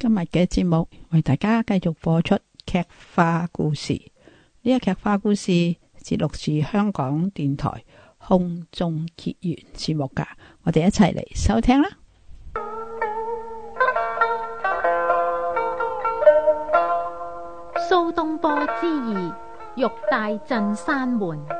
今日嘅節目為大家繼續播出劇化故事，呢個劇化故事節錄自香港電台空中結緣節目噶，我哋一齊嚟收聽啦。蘇東坡之二，玉帶鎮山門。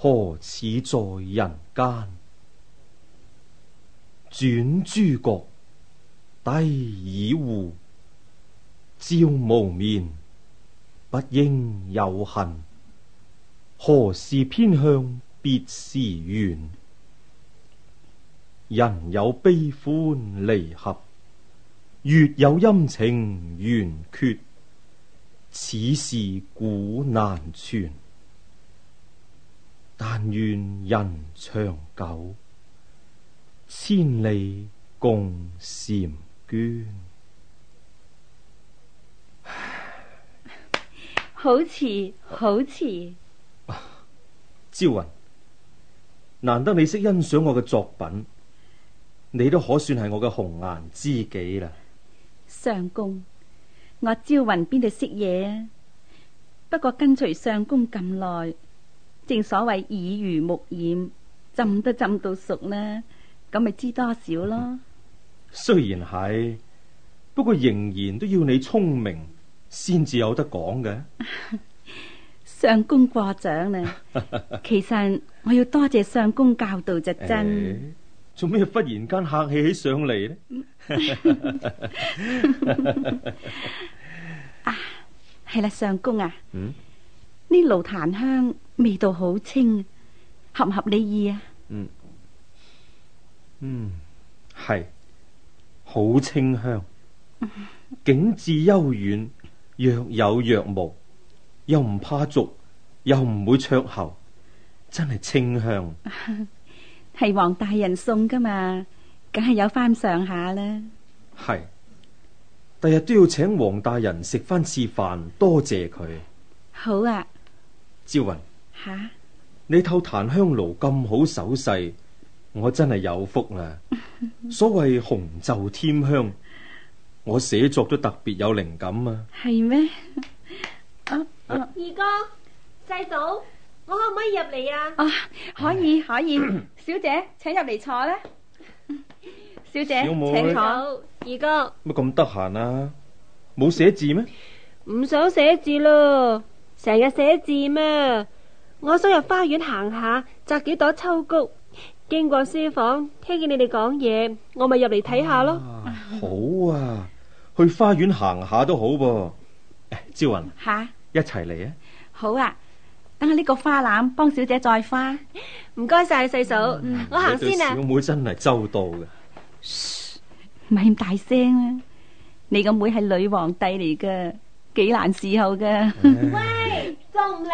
何似在人間？轉朱閣，低綺戶，照無眠。不應有恨，何事偏向別時圓？人有悲歡離合，月有陰晴圓缺，此事古難全。但願人長久，千里共嬋娟。好詞，好詞。朝雲，難得你識欣賞我嘅作品，你都可算係我嘅紅顏知己啦。相公，我朝雲邊度識嘢啊？不過跟隨相公咁耐。正所謂耳濡目染，浸都浸到熟呢，咁咪知多少咯。雖然係，不過仍然都要你聰明先至有得講嘅。相 公過獎啦， 其實我要多謝相公教導就真。做咩、哎、忽然間客氣起上嚟呢？ 啊，係啦，相公啊。嗯.呢爐檀香味道好清，合唔合你意啊？嗯！嗯嗯，係好清香， 景致幽遠，若有若無，又唔怕俗，又唔會灼喉，真係清香。係 黃大人送噶嘛，梗係有翻上下啦。係，第日都要請黃大人食翻次飯，多謝佢。 好啊。朝雲，吓哈你透檀香爐咁好手勢，我真係有福啦！ 所謂紅袖添香，我寫作都特別有靈感啊！係咩？啊啊、二哥、細嫂，我可唔可以入嚟啊？啊，可以可以， 小姐請入嚟坐啦，小姐小母 請坐。二哥，乜咁得閒啊？冇寫字咩？唔想寫字咯。成日寫字咩？我想入花園行下，摘幾朵秋菊。經過書房，聽見你哋講嘢，我咪入嚟睇下咯，啊。好啊，去花園行下都好噃。招雲吓，一齊嚟啊！啊好啊，等下呢個花籃幫小姐再花，唔該晒細嫂，嗯、我行先啦，啊。小妹真係周到㗎，咪咁大聲啊。你個妹係女皇帝嚟噶，幾難伺候噶。哎仲唔嚟？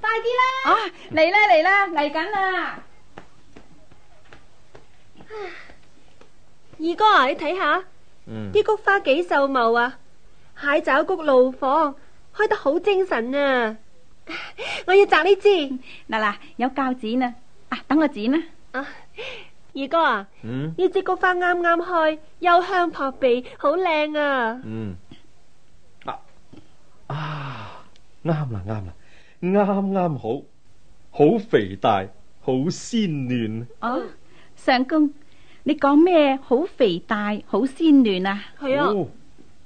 快啲啦啊！啊，嚟啦嚟啦，嚟緊啦！二哥、啊，你睇下，啲、嗯、菊花幾秀茂啊！蟹爪菊怒放，開得好精神啊！啊我要摘呢支，嗱嗱，有鉸剪啊！啊，等我剪啦。二哥啊，嗯，呢支菊花啱啱開，幽香撲鼻，好靚啊！嗯。啱啦，啱啦，嗯，啱啱好，好肥大，好鮮嫩。哦，相公，你講咩？好肥大，好鮮嫩啊？係啊，哦，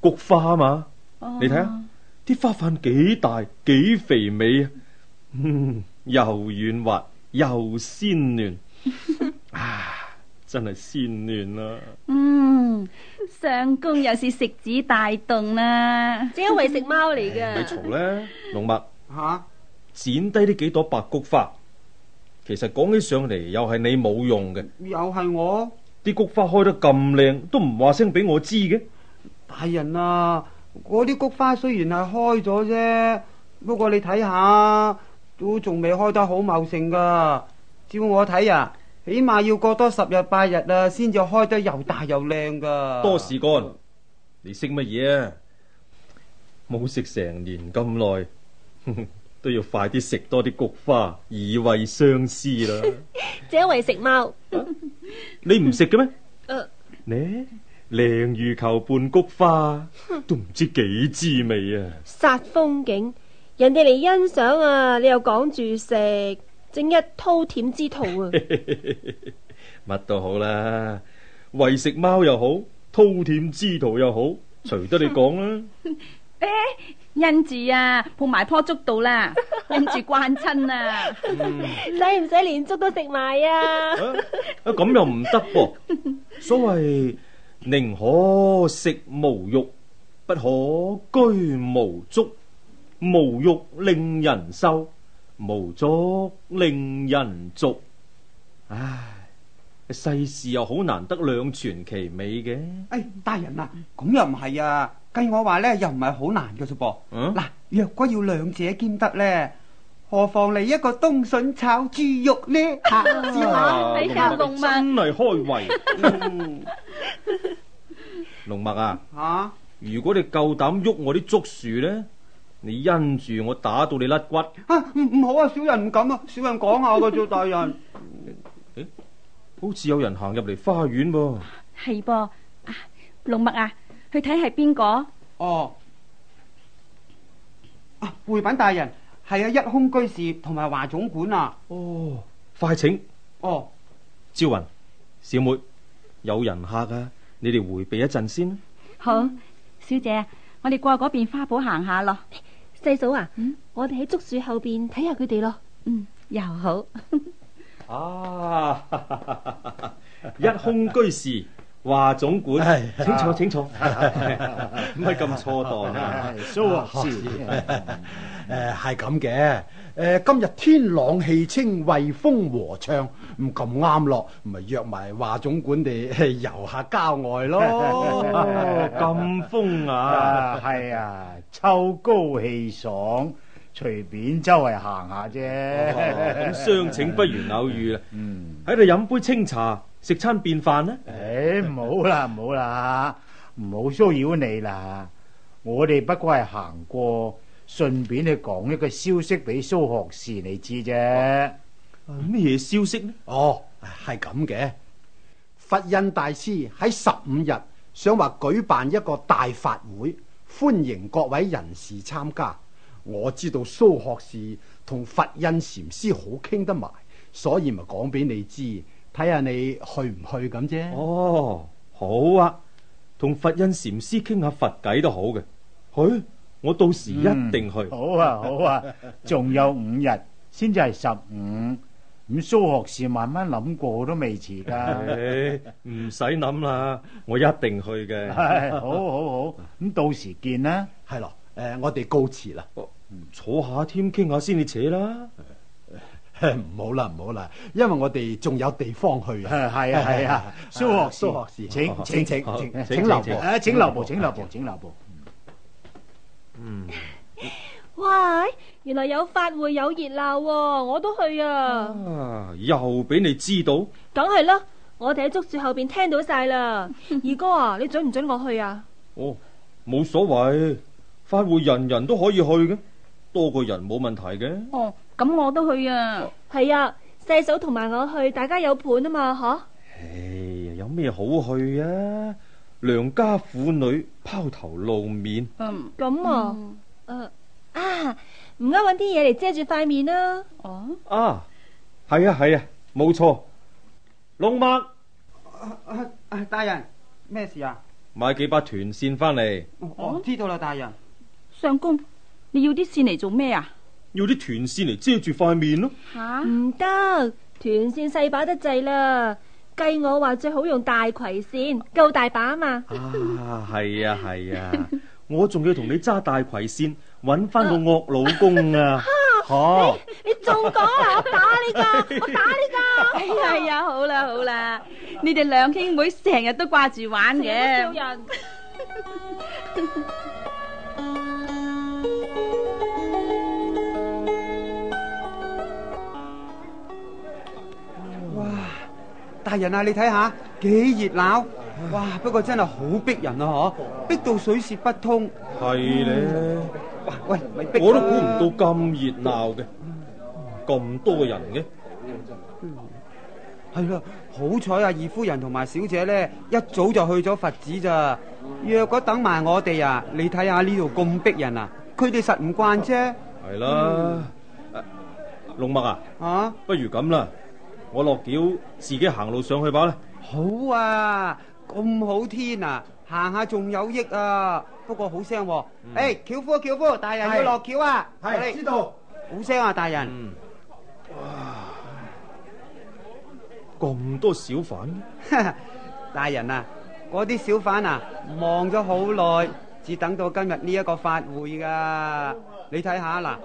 菊花嘛。哦，你睇下，啲花瓣幾大，幾肥美啊，嗯，又軟滑又鮮嫩。 啊真係鮮嫩啦、啊！嗯，相公又是食指大動啦、啊，正因為食貓嚟嘅！你嘈咧，龍墨吓，剪低呢幾朵白菊花，其實講起上嚟又係你冇用嘅，又係我啲菊花開得咁靚，都唔話聲俾我知嘅。大人啊，嗰啲菊花雖然係開咗啫，不過你睇下都仲未開得好茂盛噶，照我睇啊。起碼要過多十日八日啊，先至開得又大又靚噶、啊。多事乾，你識乜嘢啊？冇食成年咁耐，都要快啲食多啲菊花，以慰相思啦。這 為食貓 、啊，你唔食嘅咩？誒 、呃，你鯪魚球半菊花，都唔知幾滋味啊！煞風景，人哋嚟欣賞啊，你又講住食。整一饕餮之徒啊！乜都好啦，為食貓又好，饕餮之徒又好，隨得你講啦。誒，忍住啊，鋪埋樖竹度啦，忍住慣親啊，使唔使連竹都食埋啊？啊咁又唔得噃，所謂寧可食無肉，不可居無竹，無肉令人瘦。無竹令人俗，唉，世事又好難得兩全其美嘅。唉、哎，大人啊，咁又唔係啊，計我話呢，又唔係好難嘅啫噃。嗱、啊，若果要兩者兼得呢，何妨嚟一個冬筍炒豬肉呢？ 啊，知啦，龍麥真係開胃。龍麥、嗯、啊，啊，如果你夠膽喐我啲竹樹咧？你因住我打到你甩骨啊！唔唔好啊，小人唔敢啊，小人講下噶做大人。誒、 欸，好似有人行入嚟花園噃、啊。係噃，龍、啊、墨啊，去睇係邊個？哦，啊，回禀大人係啊，一空居士同埋華總管啊。哦，快請。哦，招云，小妹，有人客啊，你哋回避一陣先。好，小姐，我哋過嗰邊花圃行下咯。細嫂啊，嗯，我哋喺竹樹後邊睇下佢哋咯。嗯，又好。啊 一空居士。.華總管，唉請坐，請坐，唔係咁錯當，蘇老師，誒係咁嘅，誒今日天朗氣清，惠風和暢，唔咁啱落。唔係約埋華總管哋遊下郊外咯，咁，唉風啊，係啊，啊，秋高氣爽，隨便周圍行下啫，咁，啊啊，相請不如偶遇啦，嗯，喺度飲杯清茶。食餐便飯呢？誒、欸，唔好啦，唔好啦，唔好騷擾你啦。我哋不過係行過，順便去講一個消息俾蘇學士你知啫。咩嘢、啊、消息呢？哦，係咁嘅。佛印大師喺十五日想話舉辦一個大法會，歡迎各位人士參加。我知道蘇學士同佛印禪師好傾得埋，所以咪講俾你知。睇下你去唔去咁啫。哦，好啊，同佛印禪師傾下佛偈都好嘅。去，哎，我到時一定去。嗯、好啊，好啊，仲 有五日先至係十五，咁蘇學士慢慢諗過都未遲噶，唔使諗啦，我一定去嘅， 哎。好好好，咁到時見啦。係咯，誒，我哋告辭啦。哦。坐下添，傾下先，至扯啦。唔好啦，唔好啦，因為我哋仲有地方去啊！係啊，係啊，蘇學蘇學士，請請請請請留步，誒，請留步，請留步，請留步。嗯，哇！原來有法會有熱鬧喎，我都去啊！又俾你知道？梗係啦，我哋喺竹樹後邊聽到曬啦。二哥啊，你準唔準我去啊？哦，冇所謂，法會人人都可以去嘅，多個人冇問題嘅。哦。咁我都去啊！係、哦、啊，細嫂同埋我去，大家有伴啊嘛，嗬、啊？唉，有咩好去啊？良家婦女拋頭露面，咁、嗯、啊，誒、嗯、啊，唔該，搵啲嘢嚟遮住塊面啦！哦，啊，係啊，係啊，冇錯、啊。龍墨、啊啊啊啊，大人，咩事啊？買幾把團扇翻嚟。我、哦哦、知道啦，大人。相、啊、公，你要啲綫嚟做咩啊？用啲團扇嚟遮住塊面咯、啊，吓唔得，團、啊、扇細把得滯啦。計我話最好用大葵扇，夠大把啊嘛。啊，係啊係啊，啊，我仲要同你揸大葵扇，搵翻個惡老公啊！好、啊啊，你仲講啊我 我，我打你噶，我打你噶。哎呀，好啦好啦，好啦，你哋兩兄妹成日都掛住玩嘅。 大人啊，你睇下幾熱鬧，哇！不過真係好逼人啊，嗬，逼到水洩不通。係咧，喂喂，我都估唔到咁熱鬧嘅，咁多個人嘅。係啦，好彩啊，二夫人同埋小姐咧，一早就去咗佛寺咋。若果等埋我哋啊，你睇下呢度咁逼人啊，佢哋實唔慣啫。係啦，龍墨啊，啊，不如咁啦。我落轎自己行路上去吧咧。好啊，咁好天啊，行下仲有益啊。不過好聲、啊，誒、嗯，轎、欸、夫轎夫，大人是要落轎啊。係是，你知道。好聲啊，大人。哇、嗯，咁多小販。 大人啊，嗰啲小販啊，望咗好耐，只等到今日呢一個法會噶、啊。你睇下嗱。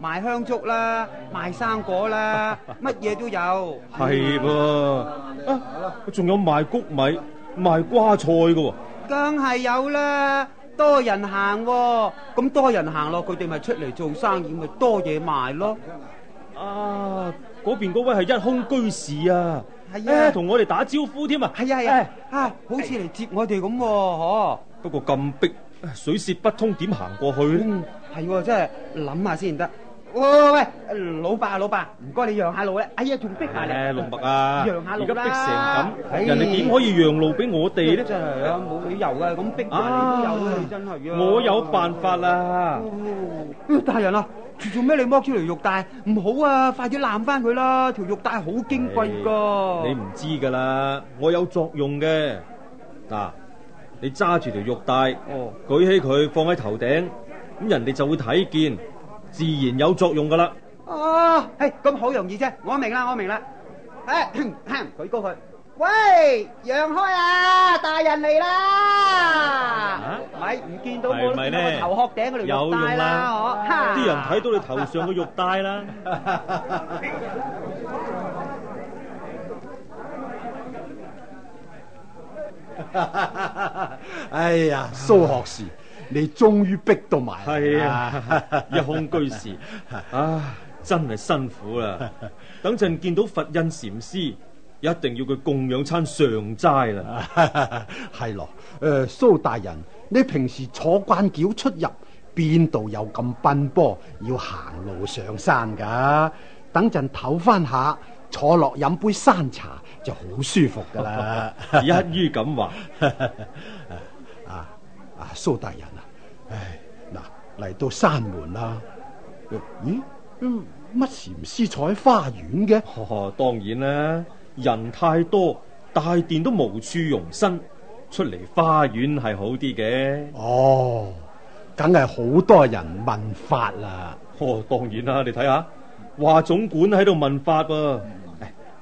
賣香燭啦，賣生果啦，乜嘢都有。係噃，啊，仲有賣穀米、賣瓜菜嘅喎。梗係有啦，多人行，咁多人行咯，佢哋咪出嚟做生意，咪多嘢賣咯。啊，嗰邊嗰位係一空居士啊，同我哋打招呼添啊，係啊係啊，啊，好似嚟接我哋咁，嗬。不過咁逼，水泄不通，點行過去咧？係，真係諗下先得。喂喂喂，老伯老伯，唔該你讓下路咧！哎呀，仲逼下你！老伯啊，讓下路啦！而家逼成咁，人哋點可以讓路俾我哋咧？真係啊，冇理由噶，咁逼啊！我有辦法啦！大人啊，做咩你剝住條玉帶？唔好啊，快啲攬翻佢啦！條玉帶係好矜貴噶。你唔知噶啦，我有作用嘅。嗱，你揸住條玉帶，哦，舉起佢放喺頭頂，咁人哋就會睇見。自然有作用噶啦！哦，哎，咁好容易啫！我明啦，我明啦，哎，哼，舉高佢，喂，讓開啊，大人嚟啦！咪唔見到我呢個頭殼頂嗰條玉帶啦？我，哈，啲人睇到你頭上嘅玉帶啦！哈哈哈哈，哎呀，蘇學士。你終於逼到埋，去，係啊！一空居士，啊，真係辛苦啦！等陣見到佛印禪師，一定要佢供養餐上齋啦。係咯，啊，誒、呃、蘇大人，你平時坐慣轎出入，邊度有咁奔波，要行路上山㗎？等陣唞翻下，坐落飲杯山茶就好舒服㗎啦。 一於咁話， 啊啊蘇大人！唉，嗱，嚟到山門啦，咦，乜禪師坐喺花園嘅？哦，當然啦，人太多，大殿都無處容身，出嚟花園係好啲嘅。哦，梗係好多人問法啦。哦，當然啦，你睇下，華總管喺度問法噃、嗯，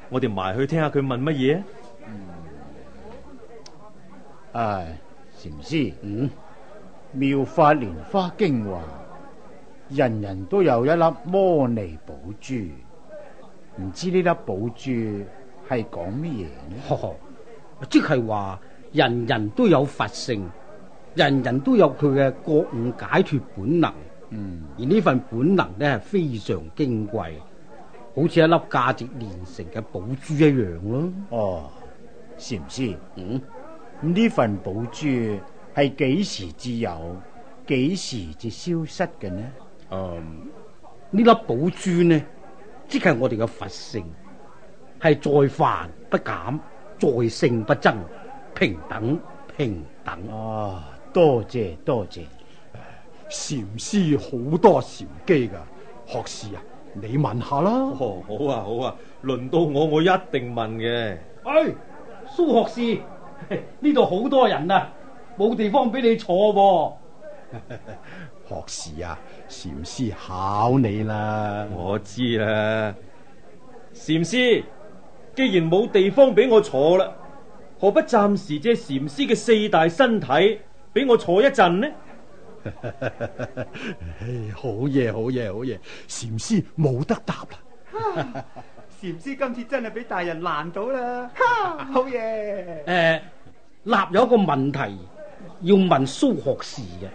我哋埋去聽下佢問乜嘢、嗯。唉，禪師思，嗯。妙法蓮花經話，人人都有一粒摩尼寶珠，唔知呢粒寶珠係講乜嘢呢？即係話人人都有佛性，人人都有佢嘅覺悟解脫本能，嗯，而呢份本能呢，係非常矜貴，好似一粒價值連城嘅寶珠一樣咯、啊。哦，禪師，嗯，呢份寶珠。係幾時至有，幾時至消失嘅呢？嗯，呢粒寶珠呢，即係我哋嘅佛性，係在凡不減，在聖不增，平等平等。啊、uh！多謝、啊、思多謝，禪師好多禪機㗎，學士啊，你問下啦。哦，oh, 好啊好啊，輪到我，我一定問嘅。唉、哎，蘇學士，呢度好多人啊。冇地方俾你坐喎，哦， 學士啊，禪師考你啦！我知啦，禪師，既然冇地方俾我坐啦，何不暫時借禪師嘅四大身體俾我坐一陣呢？好嘢， 哎，好嘢，好嘢！禪師冇得答啦，禪 師 今次真係俾大人難到啦， 好嘢耶！誒、呃，立有一個問題。要問蘇學士嘅，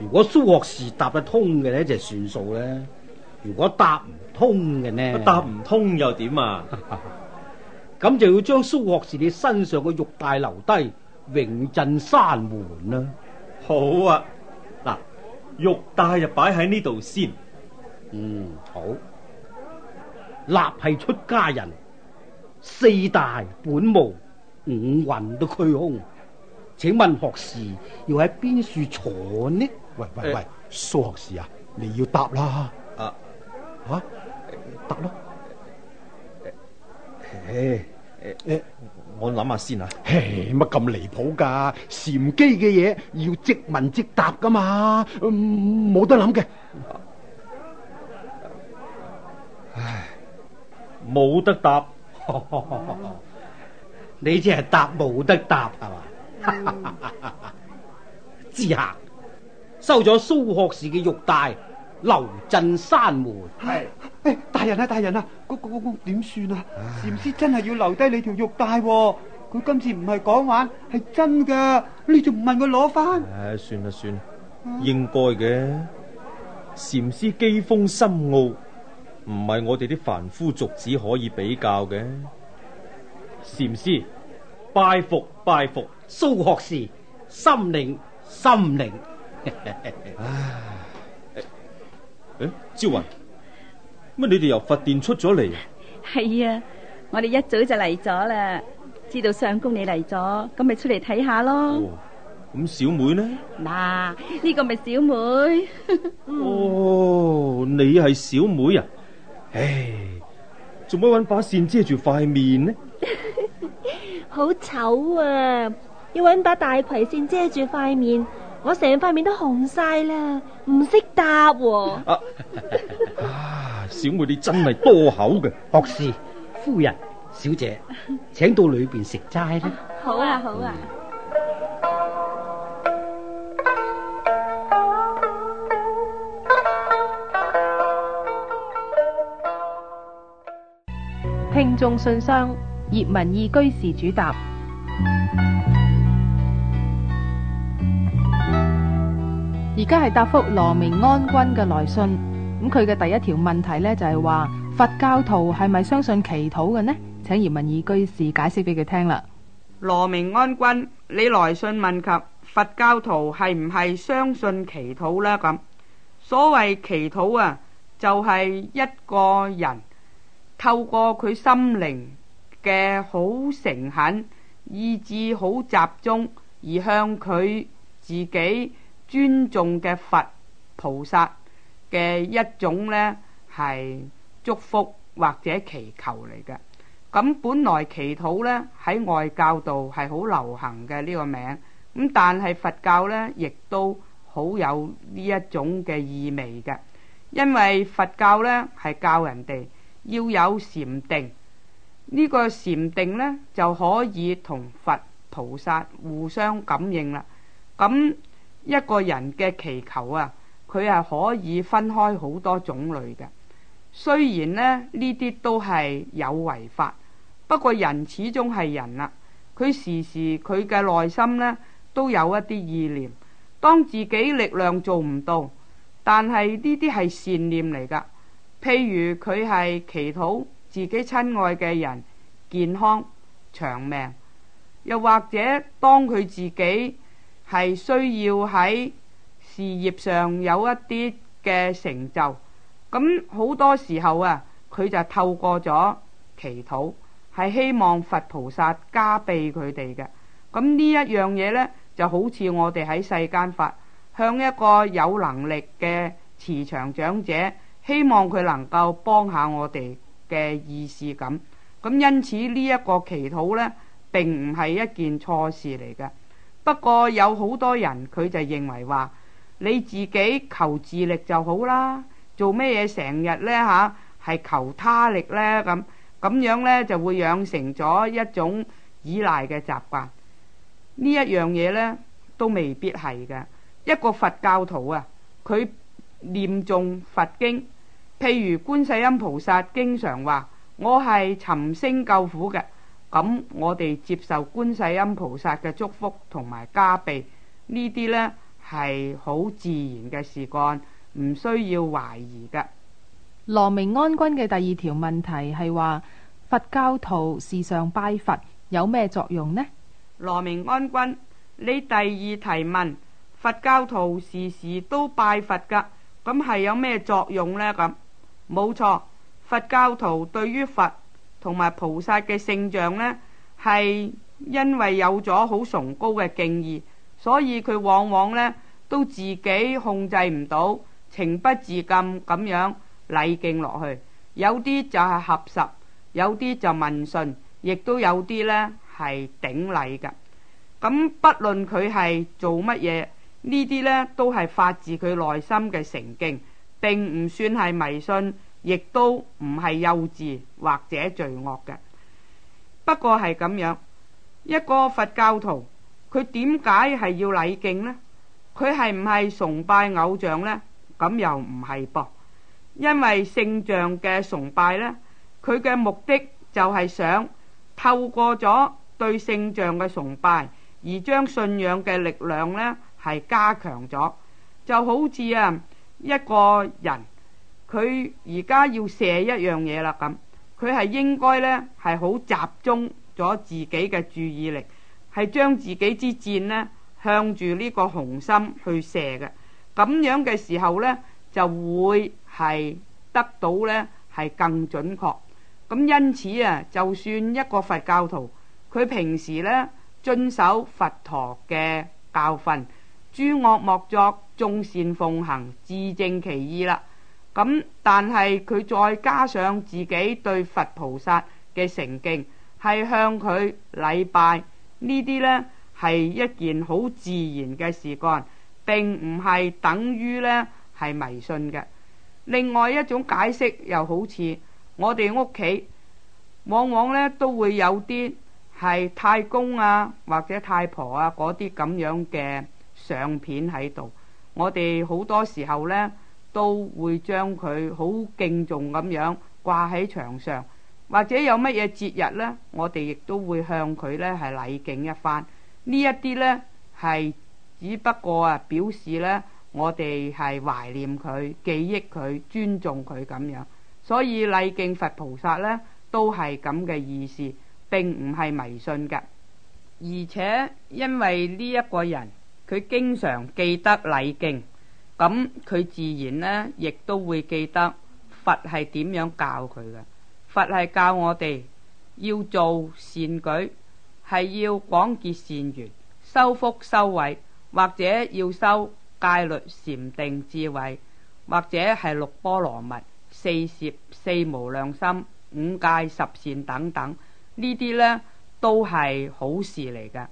如果蘇學士答得通嘅呢，就算數咧；如果答唔通嘅呢，答唔通又點啊？咁 就要將蘇學士你身上嘅玉帶留低，永鎮山門啦、啊。好啊，嗱，玉帶就擺喺呢度先。嗯，好。立係出家人，四大本無，五蘊都虛空。請問學士要喺邊處坐呢？喂喂喂，蘇、欸、學士啊，你要答啦！啊，吓答咯！我諗下先啊！乜咁離譜噶？禪機嘅嘢，要即問即答噶嘛，冇、嗯、得諗嘅。啊、唉，冇得答。 嗯、你只係答冇得答係嘛？ 之 下收咗蘇學士嘅玉帶，留鎮山門。係是、哎，大人啊，大人啊，嗰嗰嗰點算啊？禪師、哎、真係要留低你條玉帶、啊，佢今次唔係講玩，係真噶。你仲唔問佢攞翻？唉、哎，算啦算啦，應該嘅。禪師機鋒深奧，唔係我哋啲凡夫俗子可以比較嘅。禪師。拜服拜服，蘇學士，心靈心靈。唉，誒，招雲，乜你哋由佛殿出咗嚟？係啊，我哋一早就嚟咗啦，知道相公你嚟咗，咁咪出嚟睇下咯。咁小妹呢？嗱，呢個咪小妹。哦，你係小妹啊？唉，做乜搵把扇遮住塊面呢？好醜啊！要搵把大葵扇遮住塊面，我成塊面都紅晒啦，唔識答喎。啊， 小妹你真係多口嘅，博士、夫人、小姐，請到裏邊食齋啦。好啊，好啊。聽眾信箱。聽聽聽聽聽聽葉文義居士主答，而家係答覆羅明安君嘅來信。咁佢嘅第一條問題呢，就係話佛教徒係咪相信祈禱嘅呢？請葉文義居士解釋俾佢聽啦。羅明安君，你來信問及佛教徒係唔係相信祈禱呢？咁所謂祈禱啊，就係一個人透過佢心靈，嘅好誠懇，意志好集中，而向佢自己尊重嘅佛菩薩嘅一種呢，係祝福或者祈求嚟嘅。咁本來祈禱呢，喺、這個、外教度係好流行嘅呢個名，咁但係佛教呢，亦都好有呢一種嘅意味嘅，因為佛教呢，係教人哋要有禪定。呢個禪定呢，就可以同佛菩薩互相感應啦。咁一個人嘅祈求啊，佢係可以分開好多種類嘅。雖然咧呢啲都係有為法，不過人始終係人啦，佢時時佢嘅內心呢，都有一啲意念。當自己力量做唔到，但係呢啲係善念嚟噶。譬如佢係祈禱自己親愛嘅人健康長命，又或者當佢自己係需要喺事業上有一啲嘅成就，咁好多時候啊，佢就透過咗祈禱，係希望佛菩薩加庇佢哋嘅。咁呢一樣嘢呢，就好似我哋喺世間法，向一個有能力嘅慈祥長，長者，希望佢能夠幫下我哋。嘅意思咁，咁因此呢一個祈禱呢，並唔係一件錯事嚟嘅。不過有好多人佢就認為話，你自己求自力就好啦，做咩嘢成日呢？吓、啊、係求他力呢。」咁，咁樣呢，就會養成咗一種依賴嘅習慣。呢一樣嘢呢，都未必係嘅。一個佛教徒啊，佢念誦佛經。譬如觀世音菩薩經常話我係尋聲救苦嘅，咁我哋接受觀世音菩薩嘅祝福同埋加被呢啲呢，係好自然嘅事幹，唔需要懷疑嘅。羅明安君嘅第二條問題係話，佛教徒時常拜佛有咩作用呢？羅明安君，你第二題問佛教徒時時都拜佛噶，咁係有咩作用呢？」咁冇錯，佛教徒對於佛同埋菩薩嘅聖像呢，係因為有咗好崇高嘅敬意，所以佢往往呢都自己控制唔到，情不自禁咁樣禮敬落去。有啲就係合十，有啲就問訊，亦都有啲呢係頂禮嘅。咁不論佢係做乜嘢，呢啲呢都係發自佢內心嘅誠敬。並唔算係迷信，亦都唔係幼稚或者罪惡嘅。不過係咁樣，一個佛教徒，佢點解係要禮敬呢？佢係唔係崇拜偶像呢？咁又唔係噃，因為聖像嘅崇拜呢，佢嘅目的就係想透過咗對聖像嘅崇拜，而將信仰嘅力量呢係加強咗，就好似啊。一個人，佢而家要射一樣嘢啦咁，佢係應該呢係好集中咗自己嘅注意力，係將自己支箭呢向住呢個紅心去射嘅。咁樣嘅時候呢，就會係得到呢係更準確。咁因此啊，就算一個佛教徒，佢平時呢遵守佛陀嘅教訓。諸惡莫作，眾善奉行，自正其意啦。咁但係佢再加上自己對佛菩薩嘅誠敬，係向佢禮拜呢啲呢，係一件好自然嘅事幹，並唔係等於呢係迷信嘅。另外一種解釋，又好似我哋屋企往往呢都會有啲係太公啊或者太婆啊嗰啲咁樣嘅。相片喺度，我哋好多時候呢都會將佢好敬重咁樣掛喺牆上，或者有乜嘢節日呢，我哋亦都會向佢呢係禮敬一番。呢一啲呢係只不過啊表示呢，我哋係懷念佢、記憶佢、尊重佢咁樣，所以禮敬佛菩薩呢，都係咁嘅意思，並唔係迷信㗎。而且因為呢一個人，佢經常記得禮敬，咁佢自然呢亦都會記得佛係點樣教佢嘅。佛係教我哋要做善舉，係要廣結善緣、修福修慧，或者要修戒律、禪定、智慧，或者係六波羅蜜、四攝、四無量心、五戒十善等等。呢啲呢都係好事嚟嘅。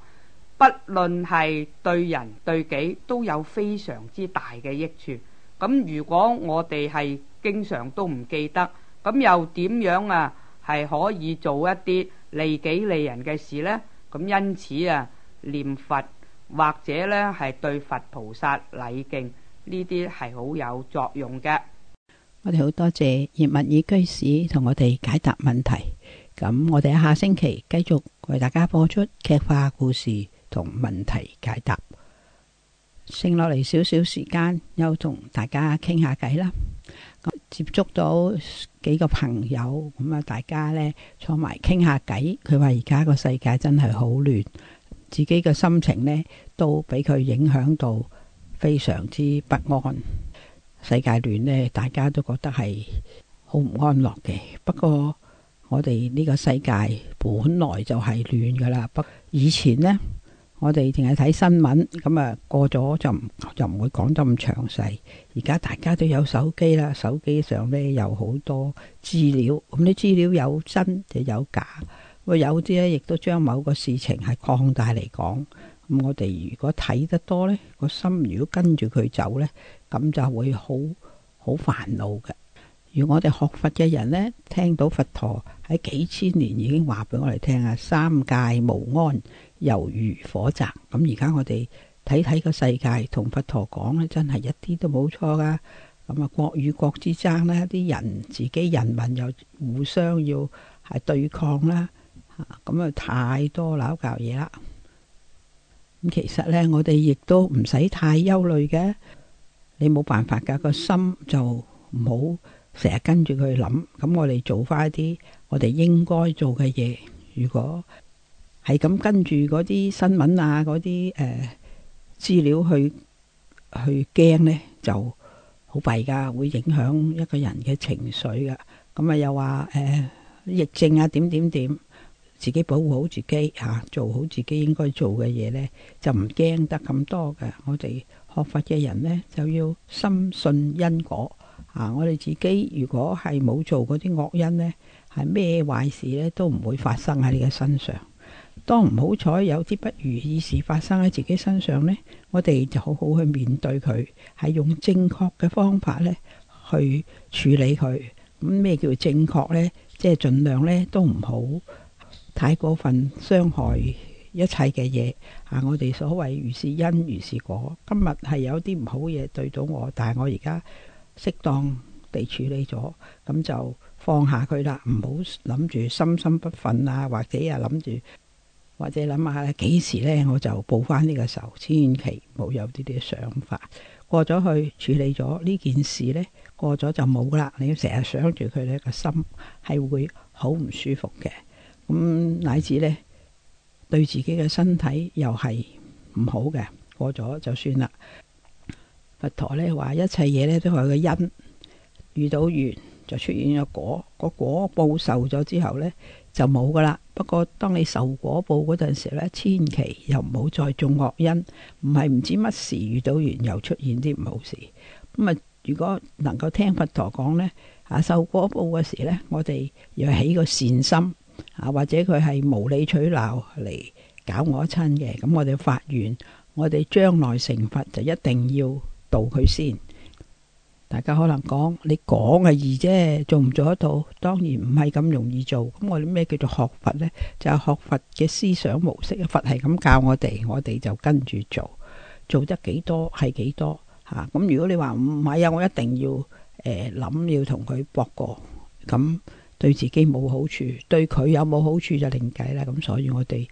不論係對人對己都有非常之大嘅益處。咁如果我哋係經常都唔記得，咁又點樣啊？係可以做一啲利己利人嘅事呢？咁因此啊，念佛或者呢係對佛菩薩禮敬呢啲係好有作用嘅。我哋好多謝葉文爾居士同我哋解答問題。咁我哋下星期繼續為大家播出劇化故事。同問題解答剩落嚟少少時間，又同大家傾下偈啦。接觸到幾個朋友咁啊，大家咧坐埋傾下偈。佢話而家個世界真係好亂，自己嘅心情咧都俾佢影響到非常之不安。世界亂咧，大家都覺得係好唔安樂嘅。不過我哋呢個世界本來就係亂噶啦，不過以前呢。我哋淨係睇新聞，咁啊過咗就唔就唔會講得咁詳細。而家大家都有手機啦，手機上呢有好多資料，咁啲資料有真就有假，喂有啲呢亦都將某個事情係擴大嚟講。咁我哋如果睇得多呢，個心如果跟住佢走呢，咁就會好好煩惱嘅。如我哋學佛嘅人呢，聽到佛陀喺幾千年已經話俾我哋聽啊，三界無安。猶如火宅，咁而家我哋睇睇個世界，同佛陀講咧，真係一啲都冇錯噶。咁啊，國與國之爭咧，啲人自己人民又互相要係對抗啦，吓咁啊太多拗教嘢啦。咁其實呢，我哋亦都唔使太憂慮嘅。你冇辦法噶，個心就唔好成日跟住佢諗。咁我哋做翻一啲我哋應該做嘅嘢。如果係咁跟住嗰啲新聞啊，嗰啲誒資料去去驚呢就好弊噶，會影響一個人嘅情緒噶。咁啊，又話誒疫症啊，點點點，自己保護好自己嚇、啊，做好自己應該做嘅嘢呢，就唔驚得咁多嘅。我哋學佛嘅人呢，就要深信因果啊。我哋自己如果係冇做嗰啲惡因呢，係咩壞事呢，都唔會發生喺你嘅身上。當唔好彩有啲不如意事發生喺自己身上呢，我哋就好好去面對佢，係用正確嘅方法呢去處理佢。咁咩叫正確呢？即係盡量呢都唔好太過分傷害一切嘅嘢啊！我哋所謂如是因如是果，今日係有啲唔好嘢對到我，但係我而家適當地處理咗，咁就放下佢啦，唔好諗住心心不忿啊，或者啊諗住。或者諗下幾時呢？我就報翻呢個仇，千祈冇有呢啲想法。過咗去處理咗呢件事呢，過咗就冇啦。你要成日想住佢呢，個心係會好唔舒服嘅。咁乃至呢，對自己嘅身體又係唔好嘅。過咗就算啦。佛陀呢話，一切嘢呢，都係個因，遇到緣就出現咗果。個果報受咗之後呢。就冇噶啦。不過當你受果報嗰陣時咧，千祈又唔好再種惡因，唔係唔知乜事遇到完又出現啲唔好事。咁啊，如果能夠聽佛陀講呢，啊受果報嗰時呢，我哋要起個善心啊，或者佢係無理取鬧嚟搞我一親嘅，咁我哋發願，我哋將來成佛就一定要度佢先。大家可能講你講嘅易啫，做唔做得到？當然唔係咁容易做。咁我哋咩叫做學佛呢？就係、學佛嘅思想模式，佛係咁教我哋，我哋就跟住做，做得幾多係幾多吓。咁、啊、如果你話唔係啊，我一定要誒諗、呃、要同佢搏過，咁對自己冇好處，對佢有冇好處就另計啦。咁所以我哋。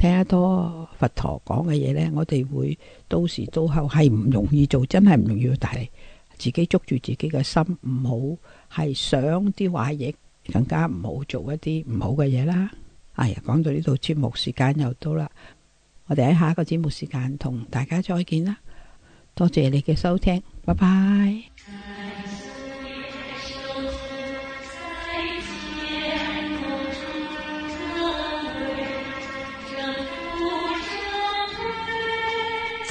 聽得多佛陀講嘅嘢呢，我哋會到時到後係唔容易做，真係唔容易。但係自己捉住自己嘅心，唔好係想啲壞嘢，更加唔好做一啲唔好嘅嘢啦。哎呀，講到呢度節目時間又到啦，我哋喺下一個節目時間同大家再見啦，多謝你嘅收聽，拜拜。